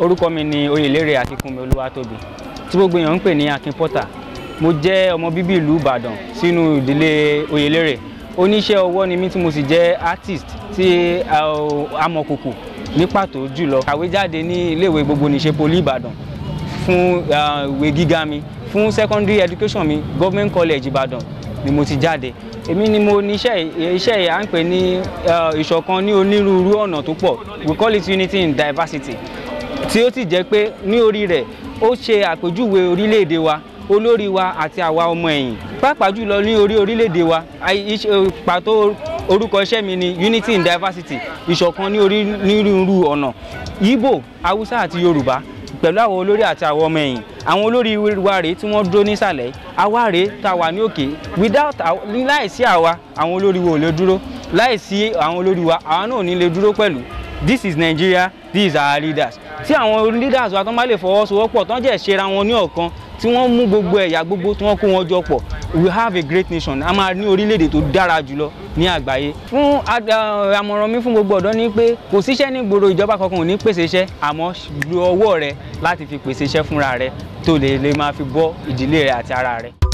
orúkọ mi ni oyèlérè akínkúnmi olúwatóbi tí gbogbo èèyàn ń pè ní akin porter mo jẹ́ ọmọ bíbí ìlú ìbàdàn sínú ìdílé oyèlérè oníṣẹ́ ọwọ́ ni mí tí mo sì jẹ́ artist tí amọ̀kòkò ní pàtó jùlọ kàwé jáde ní iléèwé gbogbonìṣe poli ìbàdàn fún ìwé gíga mi fún secondary education mi government college ìbàdàn ni mo ti jáde èmi ni mo ní iṣẹ́ iṣẹ́ yìí à ń pè ní ìṣọ̀kan ní onírúurú ọ̀nà tó pọ̀ we call it unity in diversity tí ó sì jẹ́ pé ní orí rẹ̀ ó ṣe àpèjúwe orílẹ̀-èdè wa olórí wa àti àwa ọmọ ẹ̀yìn pàápàá jùlọ ní orí orílẹ̀-èdè wa pàtó orúkọ iṣẹ́ mi ni unity in diversity ìṣọ̀kan ní onírúurú ọ̀nà Ìgbò Haúsá àti Yorùbá pẹ̀lú àwọn olórí àti àwọn ọmọ ẹ̀yìn àwọn olórí wa rèé tí wọ́n dúró nísàlẹ̀ àwa rèé tá a wà ní òkè without láìsí àwa àwọn olórí wa ò lè dúró láìsí àwọn olórí wa àwa náà ò ní lè dúró pẹ̀lú this is Nigeria these are our leaders tí àwọn leaders wa tó má lè fọwọ́sowọ́pọ̀ tó ń jẹ́ ṣera wọn ní ọ̀kan tí wọ́n mú gbogbo ẹ̀yà gbogbo tí wọ́n kó wọn jọ pọ̀ we have a great nation a máa ní orílẹ̀-èdè tó dára jùlọ ní àgbáyé. fún eh, àmọ̀ràn mi fún gbogbo ọ̀dọ́ ni pé kò síṣẹ́ ní gbòòrò ìjọba kankan ò ní pèsè iṣẹ́ àmọ́ lo ọwọ́ rẹ láti fi pèsè iṣẹ́ fúnra rẹ tó lè lè máa fi bọ́ ìdílé rẹ àti ara rẹ.